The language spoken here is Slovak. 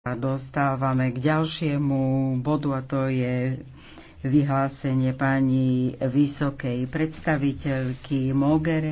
A dostávame k ďalšiemu bodu a to je vyhlásenie pani vysokej predstaviteľky Mogere.